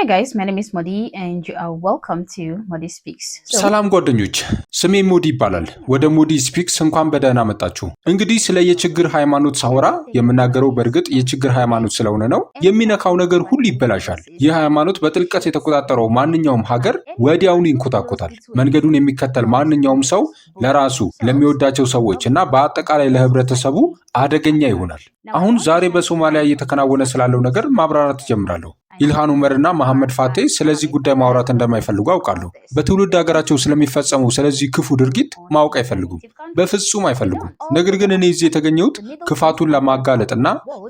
Hey guys, my name is Modi and you are welcome to Modi Speaks. ሰላም ጓደኞች፣ ስሜ ሞዲ ይባላል። ወደ ሞዲ ስፒክስ እንኳን በደህና መጣችሁ። እንግዲህ ስለ የችግር ሃይማኖት ሳወራ የምናገረው በእርግጥ የችግር ሃይማኖት ስለሆነ ነው። የሚነካው ነገር ሁሉ ይበላሻል። ይህ ሃይማኖት በጥልቀት የተቆጣጠረው ማንኛውም ሀገር ወዲያውኑ ይንኮታኮታል። መንገዱን የሚከተል ማንኛውም ሰው ለራሱ ለሚወዳቸው ሰዎች እና በአጠቃላይ ለህብረተሰቡ አደገኛ ይሆናል። አሁን ዛሬ በሶማሊያ እየተከናወነ ስላለው ነገር ማብራራት እጀምራለሁ። ኢልሃን ኡመርና መሐመድ ፋቴ ስለዚህ ጉዳይ ማውራት እንደማይፈልጉ አውቃለሁ። በትውልድ ሀገራቸው ስለሚፈጸሙ ስለዚህ ክፉ ድርጊት ማወቅ አይፈልጉም፣ በፍጹም አይፈልጉም። ነገር ግን እኔ እዚህ የተገኘሁት ክፋቱን ለማጋለጥ እና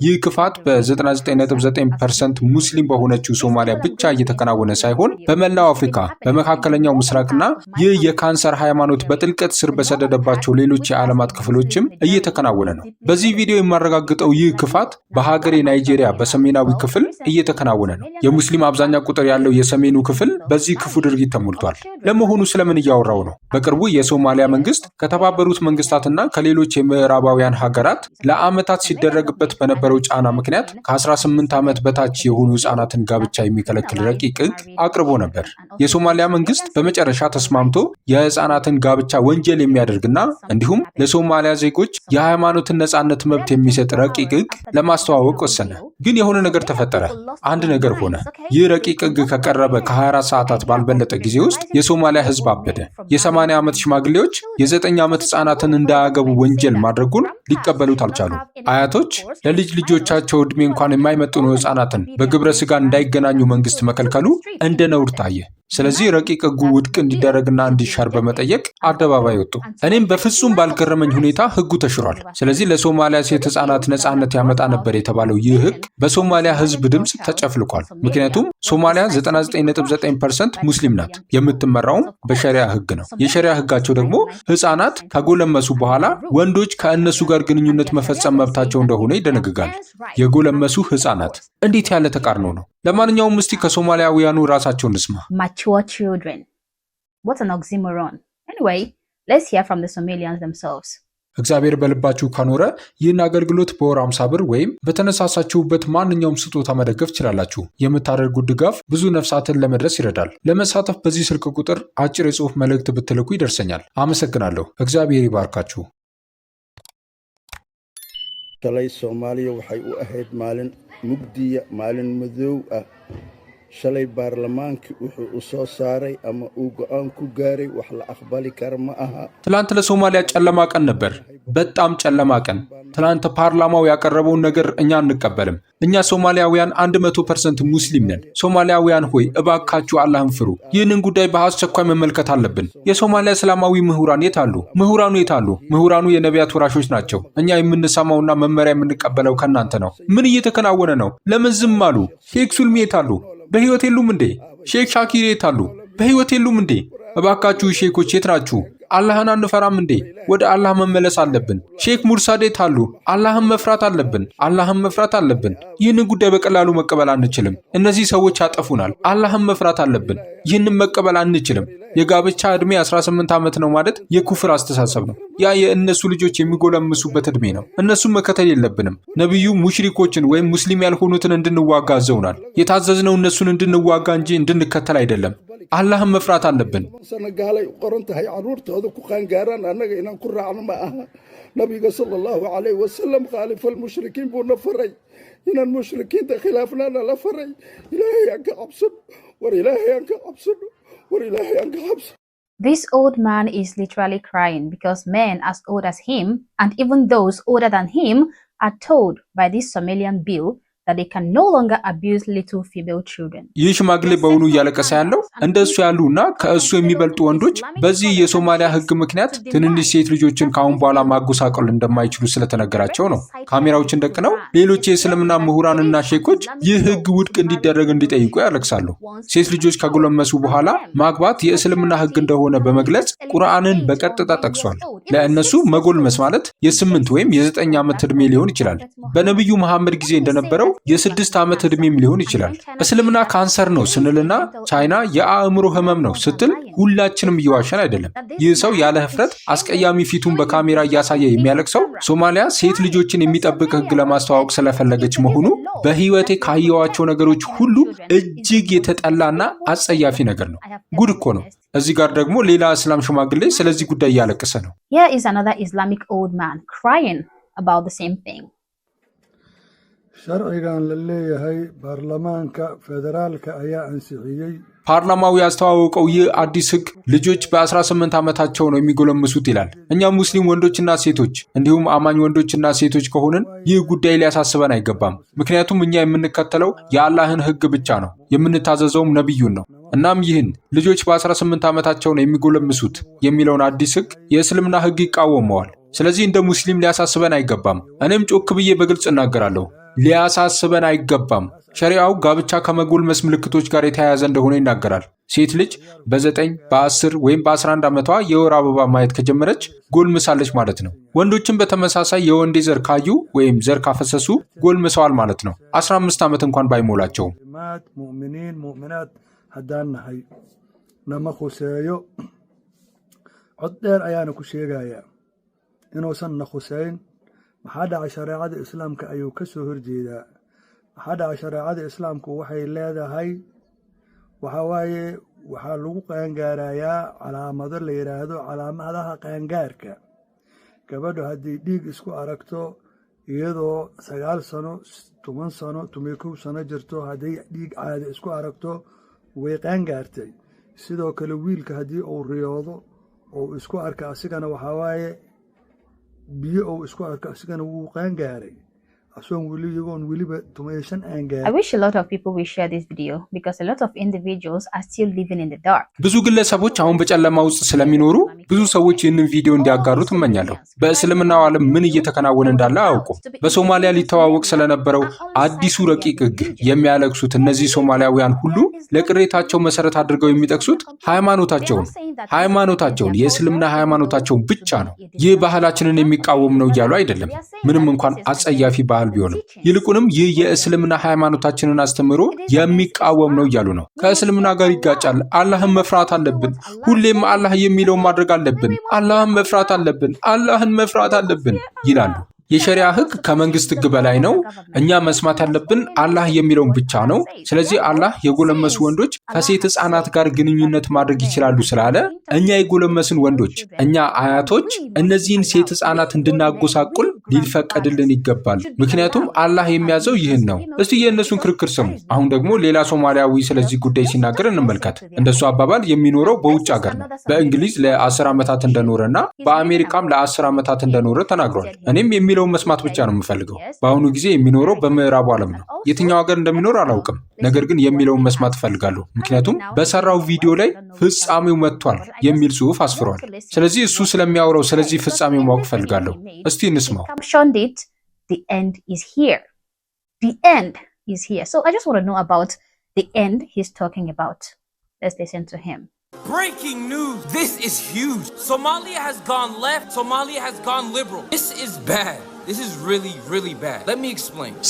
ይህ ክፋት በ99.9 ፐርሰንት ሙስሊም በሆነችው ሶማሊያ ብቻ እየተከናወነ ሳይሆን በመላው አፍሪካ፣ በመካከለኛው ምስራቅና ይህ የካንሰር ሃይማኖት በጥልቀት ስር በሰደደባቸው ሌሎች የዓለማት ክፍሎችም እየተከናወነ ነው። በዚህ ቪዲዮ የማረጋግጠው ይህ ክፋት በሀገሬ ናይጄሪያ በሰሜናዊ ክፍል እየተከናወነ ነው። የሙስሊም አብዛኛ ቁጥር ያለው የሰሜኑ ክፍል በዚህ ክፉ ድርጊት ተሞልቷል። ለመሆኑ ስለምን እያወራው ነው? በቅርቡ የሶማሊያ መንግስት ከተባበሩት መንግስታትና ከሌሎች የምዕራባውያን ሀገራት ለአመታት ሲደረግበት በነበረው ጫና ምክንያት ከ18 ዓመት በታች የሆኑ ህጻናትን ጋብቻ የሚከለክል ረቂቅ ህግ አቅርቦ ነበር። የሶማሊያ መንግስት በመጨረሻ ተስማምቶ የህፃናትን ጋብቻ ወንጀል የሚያደርግና እንዲሁም ለሶማሊያ ዜጎች የሃይማኖትን ነፃነት መብት የሚሰጥ ረቂቅ ህግ ለማስተዋወቅ ወሰነ። ግን የሆነ ነገር ተፈጠረ። አንድ ነገር ሆነ። ይህ ረቂቅ ህግ ከቀረበ ከ24 ሰዓታት ባልበለጠ ጊዜ ውስጥ የሶማሊያ ህዝብ አበደ። የሰማንያ ዓመት ሽማግሌዎች የዘጠኝ ዓመት ህፃናትን እንዳያገቡ ወንጀል ማድረጉን ሊቀበሉት አልቻሉ። አያቶች ለልጅ ልጆቻቸው ዕድሜ እንኳን የማይመጥኑ ህፃናትን በግብረ ስጋ እንዳይገናኙ መንግስት መከልከሉ እንደ ነውር ታየ። ስለዚህ ረቂቅ ህጉ ውድቅ እንዲደረግና እንዲሻር በመጠየቅ አደባባይ ወጡ። እኔም በፍጹም ባልገረመኝ ሁኔታ ህጉ ተሽሯል። ስለዚህ ለሶማሊያ ሴት ህጻናት ነፃነት ያመጣ ነበር የተባለው ይህ ህግ በሶማሊያ ህዝብ ድምፅ ተጨፍልቋል። ምክንያቱም ሶማሊያ 99.9 ሙስሊም ናት፣ የምትመራውም በሸሪያ ህግ ነው። የሸሪያ ህጋቸው ደግሞ ህጻናት ከጎለመሱ በኋላ ወንዶች ከእነሱ ጋር ግንኙነት መፈጸም መብታቸው እንደሆነ ይደነግጋል። የጎለመሱ ህጻናት እንዴት ያለ ተቃርኖ ነው! ለማንኛውም እስቲ ከሶማሊያውያኑ ራሳቸውን እንስማ። እግዚአብሔር በልባችሁ ከኖረ ይህን አገልግሎት በወር አምሳ ብር ወይም በተነሳሳችሁበት ማንኛውም ስጦታ መደገፍ ትችላላችሁ። የምታደርጉት ድጋፍ ብዙ ነፍሳትን ለመድረስ ይረዳል። ለመሳተፍ በዚህ ስልክ ቁጥር አጭር የጽሑፍ መልእክት ብትልኩ ይደርሰኛል። አመሰግናለሁ። እግዚአብሔር ይባርካችሁ። shalay soomaaliya waxay u ahayd maalin mugdiya maalin madow ah shalay baarlamaanki wuxuu u soo saaray ama uu go'aan ku gaaray wax la aqbali kara ma aha ትላንት ለሶማሊያ ጨለማ ቀን ነበር በጣም ጨለማ ቀን ትላንት ፓርላማው ያቀረበውን ነገር እኛ አንቀበልም እኛ ሶማሊያውያን 100% ሙስሊም ነን ሶማሊያውያን ሆይ እባካችሁ አላህን ፍሩ ይህንን ጉዳይ በአስቸኳይ መመልከት አለብን የሶማሊያ እስላማዊ ምሁራን የት አሉ ምሁራኑ የት አሉ ምሁራኑ የነቢያት ወራሾች ናቸው እኛ የምንሰማውና መመሪያ የምንቀበለው ከእናንተ ነው ምን እየተከናወነ ነው ለምን ዝም አሉ ሼክ ሱልሚ የት አሉ በህይወት የሉም እንዴ? ሼክ ሻኪር የት አሉ? በህይወት የሉም እንዴ? እባካችሁ ሼኮች የት ናችሁ? አላህን አንፈራም እንዴ? ወደ አላህ መመለስ አለብን። ሼክ ሙርሳዴ ታሉ። አላህን መፍራት አለብን፣ አላህን መፍራት አለብን። ይህንን ጉዳይ በቀላሉ መቀበል አንችልም። እነዚህ ሰዎች ያጠፉናል። አላህን መፍራት አለብን። ይህንን መቀበል አንችልም። የጋብቻ ዕድሜ 18 ዓመት ነው ማለት የኩፍር አስተሳሰብ ነው። ያ የእነሱ ልጆች የሚጎለምሱበት ዕድሜ ነው። እነሱን መከተል የለብንም። ነቢዩ ሙሽሪኮችን ወይም ሙስሊም ያልሆኑትን እንድንዋጋ አዘውናል። የታዘዝነው እነሱን እንድንዋጋ እንጂ እንድንከተል አይደለም። አላህን መፍራት አለብን። ሰነጋላይ ቆረንታhay caruurtooda ku qaangaaraan annaga inaan ku raacno ma aha nabiga sallallahu alayhi wasallam khalifa almushrikiin buuna faray inaan mushrikiinta khilaafnaana la faray ilaahay aan ka cabsano war ilaahay aan ka cabsano war This old man is literally crying because men as old as him and even those older than him are told by this Somalian bill that they can no longer abuse little female children። ይህ ሽማግሌ በውኑ እያለቀሰ ያለው እንደ እሱ ያሉ እና ከእሱ የሚበልጡ ወንዶች በዚህ የሶማሊያ ህግ ምክንያት ትንንሽ ሴት ልጆችን ከአሁን በኋላ ማጎሳቀል እንደማይችሉ ስለተነገራቸው ነው። ካሜራዎችን ደቅነው ሌሎች የእስልምና ምሁራንና ሼኮች ይህ ህግ ውድቅ እንዲደረግ እንዲጠይቁ ያለቅሳሉ። ሴት ልጆች ከጎለመሱ በኋላ ማግባት የእስልምና ህግ እንደሆነ በመግለጽ ቁርአንን በቀጥታ ጠቅሷል። ለእነሱ መጎልመስ ማለት የስምንት ወይም የዘጠኝ ዓመት ዕድሜ ሊሆን ይችላል። በነቢዩ መሐመድ ጊዜ እንደነበረው የስድስት ዓመት ዕድሜም ሊሆን ይችላል። እስልምና ካንሰር ነው ስንልና ቻይና የአእምሮ ህመም ነው ስትል ሁላችንም እየዋሸን አይደለም። ይህ ሰው ያለ ህፍረት አስቀያሚ ፊቱን በካሜራ እያሳየ የሚያለቅሰው ሶማሊያ ሴት ልጆችን የሚጠብቅ ህግ ለማስተዋወቅ ስለፈለገች መሆኑ በህይወቴ ካየዋቸው ነገሮች ሁሉ እጅግ የተጠላና አጸያፊ ነገር ነው። ጉድ እኮ ነው። እዚህ ጋር ደግሞ ሌላ እስላም ሽማግሌ ስለዚህ ጉዳይ እያለቀሰ ነው። sharcigan la leeyahay baarlamaanka federaalka ayaa ansixiyey ፓርላማው ያስተዋወቀው ይህ አዲስ ህግ ልጆች በ18 ዓመታቸው ነው የሚጎለምሱት ይላል። እኛ ሙስሊም ወንዶችና ሴቶች እንዲሁም አማኝ ወንዶችና ሴቶች ከሆንን ይህ ጉዳይ ሊያሳስበን አይገባም። ምክንያቱም እኛ የምንከተለው የአላህን ህግ ብቻ ነው፣ የምንታዘዘውም ነቢዩን ነው። እናም ይህን ልጆች በ18 ዓመታቸው ነው የሚጎለምሱት የሚለውን አዲስ ህግ የእስልምና ህግ ይቃወመዋል። ስለዚህ እንደ ሙስሊም ሊያሳስበን አይገባም። እኔም ጮክ ብዬ በግልጽ እናገራለሁ ሊያሳስበን አይገባም። ሸሪያው ጋብቻ ከመጎልመስ ምልክቶች ጋር የተያያዘ እንደሆነ ይናገራል። ሴት ልጅ በዘጠኝ በ10 ወይም በ11 ዓመቷ የወር አበባ ማየት ከጀመረች ጎልምሳለች ማለት ነው። ወንዶችን በተመሳሳይ የወንዴ ዘር ካዩ ወይም ዘር ካፈሰሱ ጎልምሰዋል ማለት ነው፣ 15 ዓመት እንኳን ባይሞላቸውም። ዑ ደር አያነ ኩ ሼጋያ ኢኖሰን ነኩሰይን maxaa dhacay shareecada islaamka ayuu ka soo horjeedaa maxaa dhacay shareecada islaamku waxay leedahay waxaa waaye waxaa lagu qaangaarayaa calaamado la yidhaahdo calaamadaha qaangaarka gabadhu haddii dhiig isku aragto iyadoo sagaal sano toban sano toban kow sano jirto hadday dhiig caada isku aragto way qaangaartay sidoo kale wiilka haddii uu riyoodo oo isku arka asigana waxaa waaye biyo ou isku arka isigana wuu qaangaaray asoon weli iyagoon weliba tumaysan aan gaarin I wish a lot of people will share this video because a lot of individuals are still living in the dark ብዙ ግለሰቦች አሁን በጨለማ ውስጥ ስለሚኖሩ ብዙ ሰዎች ይህንን ቪዲዮ እንዲያጋሩ ትመኛለሁ። በእስልምናው ዓለም ምን እየተከናወነ እንዳለ አያውቁም። በሶማሊያ ሊተዋወቅ ስለነበረው አዲሱ ረቂቅ ሕግ የሚያለቅሱት እነዚህ ሶማሊያውያን ሁሉ ለቅሬታቸው መሰረት አድርገው የሚጠቅሱት ሃይማኖታቸውን ሃይማኖታቸውን የእስልምና ሃይማኖታቸውን ብቻ ነው። ይህ ባህላችንን የሚቃወም ነው እያሉ አይደለም፣ ምንም እንኳን አጸያፊ ባህል ቢሆንም። ይልቁንም ይህ የእስልምና ሃይማኖታችንን አስተምህሮ የሚቃወም ነው እያሉ ነው። ከእስልምና ጋር ይጋጫል። አላህን መፍራት አለብን። ሁሌም አላህ የሚለውን ማድረግ አለብን። አላህን መፍራት አለብን። አላህን መፍራት አለብን ይላሉ። የሸሪያ ህግ ከመንግስት ህግ በላይ ነው። እኛ መስማት ያለብን አላህ የሚለውን ብቻ ነው። ስለዚህ አላህ የጎለመሱ ወንዶች ከሴት ህፃናት ጋር ግንኙነት ማድረግ ይችላሉ ስላለ እኛ የጎለመስን ወንዶች እኛ አያቶች እነዚህን ሴት ህፃናት እንድናጎሳቁል ሊፈቀድልን ይገባል። ምክንያቱም አላህ የሚያዘው ይህን ነው። እስቲ የእነሱን ክርክር ስሙ። አሁን ደግሞ ሌላ ሶማሊያዊ ስለዚህ ጉዳይ ሲናገር እንመልከት። እንደሱ አባባል የሚኖረው በውጭ ሀገር ነው። በእንግሊዝ ለአስር ዓመታት እንደኖረ በአሜሪካም ለአስር ዓመታት እንደኖረ ተናግሯል። እኔም የሚለው የሚለውን መስማት ብቻ ነው የምፈልገው። በአሁኑ ጊዜ የሚኖረው በምዕራቡ ዓለም ነው። የትኛው ሀገር እንደሚኖር አላውቅም፣ ነገር ግን የሚለውን መስማት እፈልጋለሁ። ምክንያቱም በሰራው ቪዲዮ ላይ ፍጻሜው መጥቷል የሚል ጽሑፍ አስፍሯል። ስለዚህ እሱ ስለሚያወራው ስለዚህ ፍጻሜው ማወቅ እፈልጋለሁ። እስቲ እንስማው። is here. So I just want to Breaking news. This is huge. Somalia has gone left. Somalia has gone liberal. This is bad.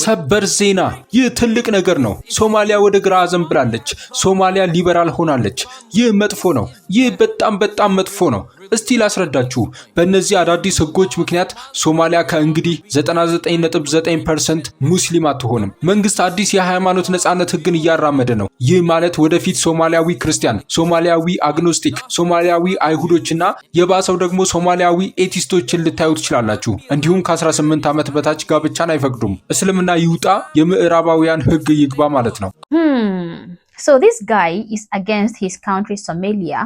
ሰበር ዜና! ይህ ትልቅ ነገር ነው። ሶማሊያ ወደ ግራ አዘንብላለች። ሶማሊያ ሊበራል ሆናለች። ይህ መጥፎ ነው። ይህ በጣም በጣም መጥፎ ነው። እስቲ ላስረዳችሁ። በእነዚህ አዳዲስ ህጎች ምክንያት ሶማሊያ ከእንግዲህ 99.9% ሙስሊም አትሆንም። መንግስት አዲስ የሃይማኖት ነጻነት ህግን እያራመደ ነው። ይህ ማለት ወደፊት ሶማሊያዊ ክርስቲያን፣ ሶማሊያዊ አግኖስቲክ፣ ሶማሊያዊ አይሁዶችና የባሰው ደግሞ ሶማሊያዊ ኤቲስቶችን ልታዩ ትችላላችሁ። እንዲሁም ከ18 18 ዓመት በታች ጋብቻን አይፈቅዱም። እስልምና ይውጣ፣ የምዕራባውያን ህግ ይግባ ማለት ነው። hmm. So this guy is against his country Somalia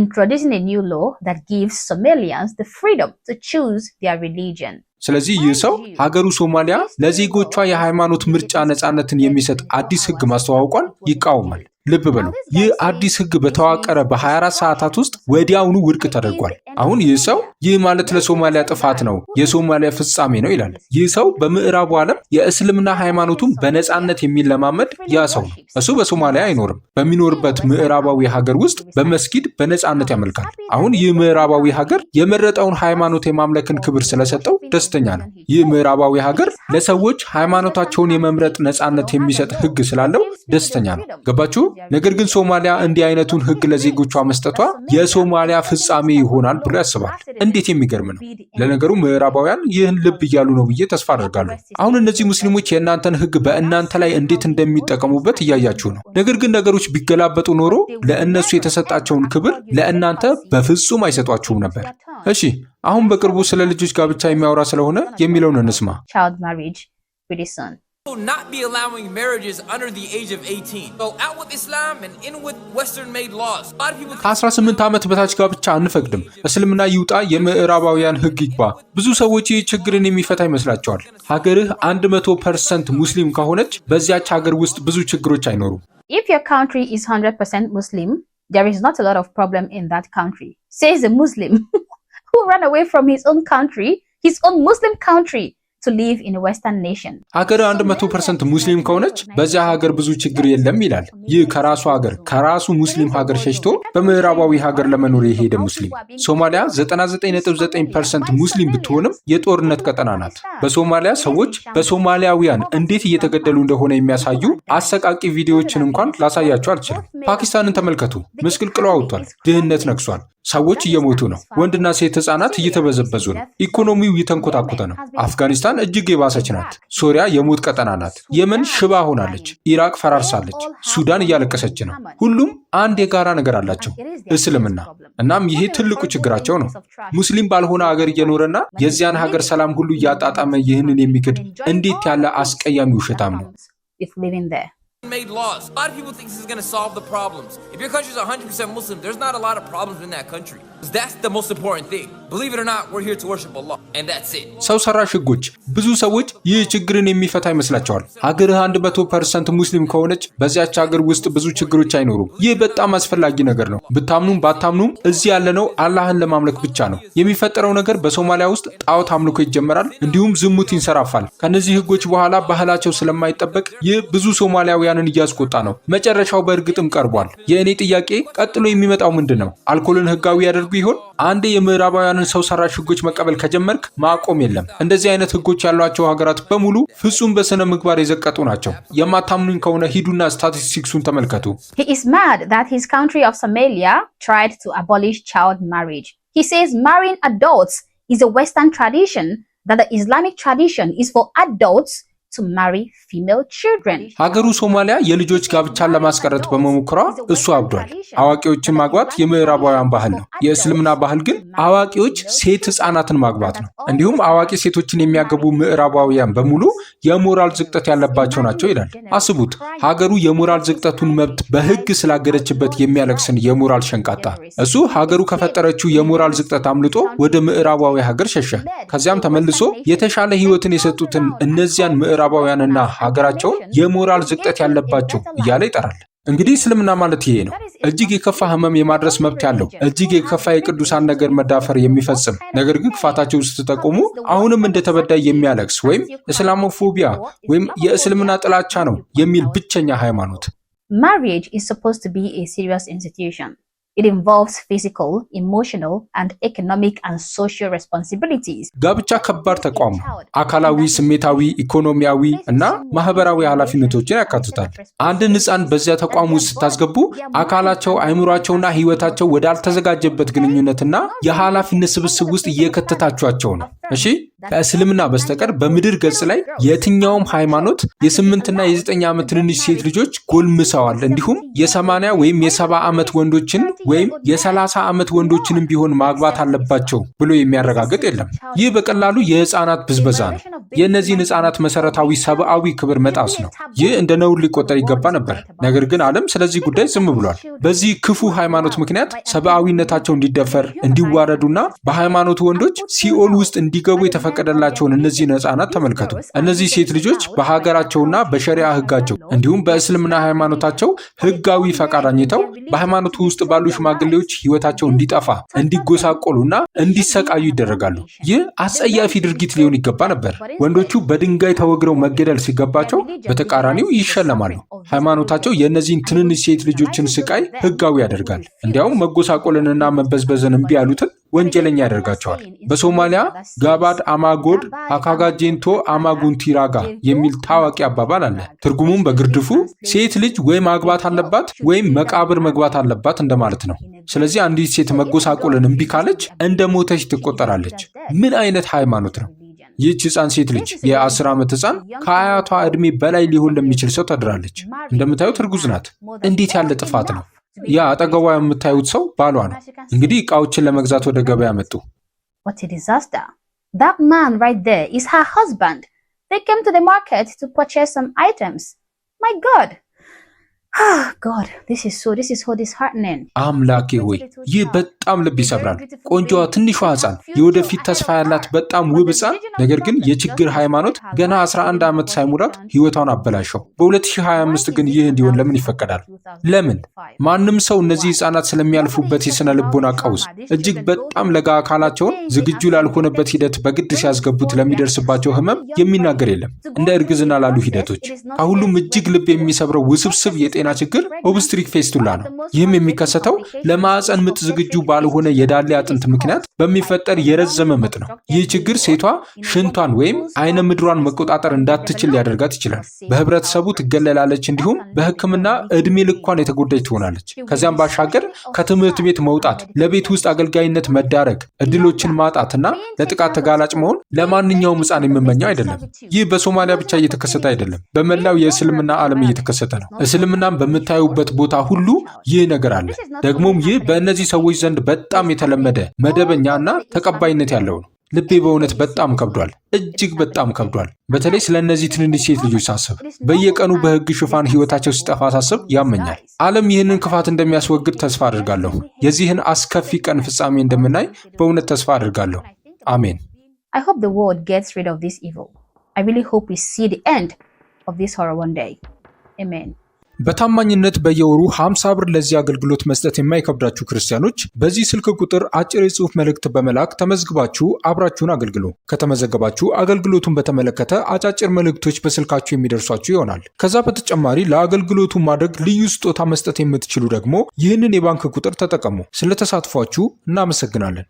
introducing a new law that gives Somalians the freedom to choose their religion. ስለዚህ ይህ ሰው ሀገሩ ሶማሊያ ለዜጎቿ የሃይማኖት ምርጫ ነፃነትን የሚሰጥ አዲስ ህግ ማስተዋወቋን ይቃወማል። ልብ በሉ፣ ይህ አዲስ ህግ በተዋቀረ በ24 ሰዓታት ውስጥ ወዲያውኑ ውድቅ ተደርጓል። አሁን ይህ ሰው ይህ ማለት ለሶማሊያ ጥፋት ነው፣ የሶማሊያ ፍጻሜ ነው ይላል። ይህ ሰው በምዕራቡ ዓለም የእስልምና ሃይማኖቱን በነፃነት የሚለማመድ ያ ሰው ነው። እሱ በሶማሊያ አይኖርም። በሚኖርበት ምዕራባዊ ሀገር ውስጥ በመስጊድ በነፃነት ያመልካል። አሁን ይህ ምዕራባዊ ሀገር የመረጠውን ሃይማኖት የማምለክን ክብር ስለሰጠው ደስ አነስተኛ ነው። ይህ ምዕራባዊ ሀገር ለሰዎች ሃይማኖታቸውን የመምረጥ ነፃነት የሚሰጥ ህግ ስላለው ደስተኛ ነው። ገባችሁ? ነገር ግን ሶማሊያ እንዲህ አይነቱን ህግ ለዜጎቿ መስጠቷ የሶማሊያ ፍጻሜ ይሆናል ብሎ ያስባል። እንዴት የሚገርም ነው! ለነገሩ ምዕራባውያን ይህን ልብ እያሉ ነው ብዬ ተስፋ አደርጋለሁ። አሁን እነዚህ ሙስሊሞች የእናንተን ህግ በእናንተ ላይ እንዴት እንደሚጠቀሙበት እያያችሁ ነው። ነገር ግን ነገሮች ቢገላበጡ ኖሮ ለእነሱ የተሰጣቸውን ክብር ለእናንተ በፍጹም አይሰጧችሁም ነበር። እሺ አሁን በቅርቡ ስለ ልጆች ጋብቻ የሚያወራ ስለሆነ የሚለውን እንስማ። ከ18 ዓመት በታች ጋብቻ አንፈቅድም። እስልምና ይውጣ፣ የምዕራባውያን ህግ ይግባ። ብዙ ሰዎች ይህ ችግርን የሚፈታ ይመስላቸዋል። ሀገርህ 100 ፐርሰንት ሙስሊም ከሆነች በዚያች ሀገር ውስጥ ብዙ ችግሮች አይኖሩም። ሙስሊም who ran away from his own country, his own Muslim country, to live in a western nation ሀገር 100% ሙስሊም ከሆነች በዚያ ሀገር ብዙ ችግር የለም ይላል። ይህ ከራሱ ሀገር ከራሱ ሙስሊም ሀገር ሸሽቶ በምዕራባዊ ሀገር ለመኖር የሄደ ሙስሊም። ሶማሊያ 99.9% ሙስሊም ብትሆንም የጦርነት ቀጠና ናት። በሶማሊያ ሰዎች በሶማሊያውያን እንዴት እየተገደሉ እንደሆነ የሚያሳዩ አሰቃቂ ቪዲዮዎችን እንኳን ላሳያቸው አልችልም። ፓኪስታንን ተመልከቱ፣ ምስቅልቅሎ አውጥቷል፣ ድህነት ነግሷል። ሰዎች እየሞቱ ነው። ወንድና ሴት ህጻናት እየተበዘበዙ ነው። ኢኮኖሚው እየተንኮታኮተ ነው። አፍጋኒስታን እጅግ የባሰች ናት። ሶሪያ የሞት ቀጠና ናት። የመን ሽባ ሆናለች። ኢራቅ ፈራርሳለች። ሱዳን እያለቀሰች ነው። ሁሉም አንድ የጋራ ነገር አላቸው፣ እስልምና። እናም ይሄ ትልቁ ችግራቸው ነው። ሙስሊም ባልሆነ ሀገር እየኖረና የዚያን ሀገር ሰላም ሁሉ እያጣጣመ ይህንን የሚክድ እንዴት ያለ አስቀያሚ ውሸታም ነው። made laws. A lot of people think this is going to solve the problems. If your country is 100% Muslim, there's not a lot of problems in that country. ሰው ሰራሽ ህጎች ብዙ ሰዎች ይህ ችግርን የሚፈታ ይመስላቸዋል። ሀገርህ አንድ መቶ ፐርሰንት ሙስሊም ከሆነች በዚያች ሀገር ውስጥ ብዙ ችግሮች አይኖሩም። ይህ በጣም አስፈላጊ ነገር ነው። ብታምኑም ባታምኑም እዚህ ያለነው አላህን ለማምለክ ብቻ ነው። የሚፈጠረው ነገር በሶማሊያ ውስጥ ጣዖት አምልኮ ይጀመራል፣ እንዲሁም ዝሙት ይንሰራፋል። ከነዚህ ህጎች በኋላ ባህላቸው ስለማይጠበቅ ይህ ብዙ ሶማሊያውያንን እያስቆጣ ነው። መጨረሻው በእርግጥም ቀርቧል። የእኔ ጥያቄ ቀጥሎ የሚመጣው ምንድን ነው? አልኮልን ህጋዊ ያደርጉ እያደረጉ ይሆን? አንዴ የምዕራባውያንን ሰው ሰራሽ ህጎች መቀበል ከጀመርክ ማቆም የለም። እንደዚህ አይነት ህጎች ያሏቸው ሀገራት በሙሉ ፍጹም በስነ ምግባር የዘቀጡ ናቸው። የማታምኑኝ ከሆነ ሂዱና ስታቲስቲክሱን ተመልከቱ። ማሪን አዶልትስ ኢዝ ዌስተርን ትራዲሽን ኢስላሚክ ትራዲሽን ኢዝ ፎር አዶልትስ ሀገሩ ሶማሊያ የልጆች ጋብቻን ለማስቀረት በመሞከሯ እሱ አብዷል። አዋቂዎችን ማግባት የምዕራባውያን ባህል ነው። የእስልምና ባህል ግን አዋቂዎች ሴት ህፃናትን ማግባት ነው። እንዲሁም አዋቂ ሴቶችን የሚያገቡ ምዕራባውያን በሙሉ የሞራል ዝቅጠት ያለባቸው ናቸው ይላል። አስቡት፣ ሀገሩ የሞራል ዝቅጠቱን መብት በህግ ስላገደችበት የሚያለቅስን የሞራል ሸንቃጣ። እሱ ሀገሩ ከፈጠረችው የሞራል ዝቅጠት አምልጦ ወደ ምዕራባዊ ሀገር ሸሸ። ከዚያም ተመልሶ የተሻለ ህይወትን የሰጡትን እነዚያን ምዕራባውያንና ሀገራቸውን የሞራል ዝቅጠት ያለባቸው እያለ ይጠራል። እንግዲህ እስልምና ማለት ይሄ ነው። እጅግ የከፋ ህመም የማድረስ መብት ያለው እጅግ የከፋ የቅዱሳን ነገር መዳፈር የሚፈጽም ነገር ግን ክፋታቸው ስትጠቁሙ አሁንም እንደ ተበዳይ የሚያለቅስ ወይም እስላሞፎቢያ ወይም የእስልምና ጥላቻ ነው የሚል ብቸኛ ሃይማኖት። ማሪጅ ኢዝ ሰፖዝድ ቱ ቢ ኤ ሲሪየስ ኢንስቲትዩሽን It involves physical, emotional and economic and social responsibilities. ጋብቻ ከባድ ተቋም አካላዊ፣ ስሜታዊ፣ ኢኮኖሚያዊ እና ማህበራዊ ኃላፊነቶችን ያካትታል። አንድን ህፃን በዚያ ተቋም ውስጥ ስታስገቡ አካላቸው፣ አይምሯቸውና ህይወታቸው ወዳልተዘጋጀበት ግንኙነትና የኃላፊነት ስብስብ ውስጥ እየከተታችኋቸው ነው። እሺ ከእስልምና በስተቀር በምድር ገጽ ላይ የትኛውም ሃይማኖት የስምንትና የዘጠኝ ዓመት ትንንሽ ሴት ልጆች ጎልምሰዋል፣ እንዲሁም የሰማንያ ወይም የሰባ ዓመት ወንዶችን ወይም የሰላሳ ዓመት ወንዶችንም ቢሆን ማግባት አለባቸው ብሎ የሚያረጋግጥ የለም። ይህ በቀላሉ የህፃናት ብዝበዛ ነው። የእነዚህን ህጻናት መሰረታዊ ሰብአዊ ክብር መጣስ ነው። ይህ እንደ ነውር ሊቆጠር ይገባ ነበር። ነገር ግን ዓለም ስለዚህ ጉዳይ ዝም ብሏል። በዚህ ክፉ ሃይማኖት ምክንያት ሰብአዊነታቸው እንዲደፈር እንዲዋረዱና በሃይማኖቱ ወንዶች ሲኦል ውስጥ እንዲገቡ የተፈቀደላቸውን እነዚህን ህጻናት ተመልከቱ። እነዚህ ሴት ልጆች በሀገራቸውና በሸሪያ ህጋቸው እንዲሁም በእስልምና ሃይማኖታቸው ህጋዊ ፈቃድ አግኝተው በሃይማኖቱ ውስጥ ባሉ ሽማግሌዎች ህይወታቸው እንዲጠፋ እንዲጎሳቆሉና እንዲሰቃዩ ይደረጋሉ። ይህ አጸያፊ ድርጊት ሊሆን ይገባ ነበር። ወንዶቹ በድንጋይ ተወግረው መገደል ሲገባቸው በተቃራኒው ይሸለማሉ። ሃይማኖታቸው የእነዚህን ትንንሽ ሴት ልጆችን ስቃይ ህጋዊ ያደርጋል። እንዲያውም መጎሳቆልንና መበዝበዝን እምቢ ያሉትን ወንጀለኛ ያደርጋቸዋል። በሶማሊያ ጋባድ አማጎድ አካጋጄንቶ አማጉንቲራጋ የሚል ታዋቂ አባባል አለ። ትርጉሙም በግርድፉ ሴት ልጅ ወይ ማግባት አለባት ወይም መቃብር መግባት አለባት እንደማለት ነው። ስለዚህ አንዲት ሴት መጎሳቆልን እምቢ ካለች እንደ ሞተች ትቆጠራለች። ምን አይነት ሃይማኖት ነው? ይህች ህፃን ሴት ልጅ የአስር ዓመት ህፃን ከአያቷ ዕድሜ በላይ ሊሆን ለሚችል ሰው ተድራለች። እንደምታዩት እርጉዝ ናት። እንዴት ያለ ጥፋት ነው! ያ አጠገቧ የምታዩት ሰው ባሏ ነው። እንግዲህ እቃዎችን ለመግዛት ወደ ገበያ መጡ። ማን Ah, አምላኬ ሆይ ይህ በጣም ልብ ይሰብራል። ቆንጆዋ ትንሿ ሕፃን የወደፊት ተስፋ ያላት በጣም ውብ ሕፃን፣ ነገር ግን የችግር ሃይማኖት ገና 11 ዓመት ሳይሞላት ሕይወቷን አበላሸው። በ2025 ግን ይህ እንዲሆን ለምን ይፈቀዳል? ለምን? ማንም ሰው እነዚህ ሕፃናት ስለሚያልፉበት የሥነ ልቦና ቀውስ እጅግ በጣም ለጋ አካላቸውን ዝግጁ ላልሆነበት ሂደት በግድ ሲያስገቡት ለሚደርስባቸው ህመም የሚናገር የለም። እንደ እርግዝና ላሉ ሂደቶች ከሁሉም እጅግ ልብ የሚሰብረው ውስብስብ የጤ ጤና ችግር ኦብስትሪክ ፌስቱላ ነው። ይህም የሚከሰተው ለማዕፀን ምጥ ዝግጁ ባልሆነ የዳሌ አጥንት ምክንያት በሚፈጠር የረዘመ ምጥ ነው። ይህ ችግር ሴቷ ሽንቷን ወይም አይነ ምድሯን መቆጣጠር እንዳትችል ሊያደርጋት ይችላል። በህብረተሰቡ ትገለላለች፣ እንዲሁም በህክምና እድሜ ልኳን የተጎዳች ትሆናለች። ከዚያም ባሻገር ከትምህርት ቤት መውጣት፣ ለቤት ውስጥ አገልጋይነት መዳረግ፣ እድሎችን ማጣት እና ለጥቃት ተጋላጭ መሆን ለማንኛውም ህፃን የምመኘው አይደለም። ይህ በሶማሊያ ብቻ እየተከሰተ አይደለም፣ በመላው የእስልምና ዓለም እየተከሰተ ነው። እስልምና እናም በምታዩበት ቦታ ሁሉ ይህ ነገር አለ። ደግሞም ይህ በእነዚህ ሰዎች ዘንድ በጣም የተለመደ መደበኛ ተቀባይነት ያለው ነው። ልቤ በእውነት በጣም ከብዷል፣ እጅግ በጣም ከብዷል። በተለይ ስለ እነዚህ ትንንሽ ሴት ልጆች ሳስብ፣ በየቀኑ በህግ ሽፋን ህይወታቸው ሲጠፋ ሳስብ ያመኛል። ዓለም ይህንን ክፋት እንደሚያስወግድ ተስፋ አድርጋለሁ። የዚህን አስከፊ ቀን ፍጻሜ እንደምናይ በእውነት ተስፋ አድርጋለሁ። አሜን። Amen. በታማኝነት በየወሩ 50 ብር ለዚህ አገልግሎት መስጠት የማይከብዳችሁ ክርስቲያኖች በዚህ ስልክ ቁጥር አጭር የጽሁፍ መልእክት በመላክ ተመዝግባችሁ አብራችሁን አገልግሉ። ከተመዘገባችሁ አገልግሎቱን በተመለከተ አጫጭር መልእክቶች በስልካችሁ የሚደርሷችሁ ይሆናል። ከዛ በተጨማሪ ለአገልግሎቱ ማድረግ ልዩ ስጦታ መስጠት የምትችሉ ደግሞ ይህንን የባንክ ቁጥር ተጠቀሙ። ስለተሳትፏችሁ እናመሰግናለን።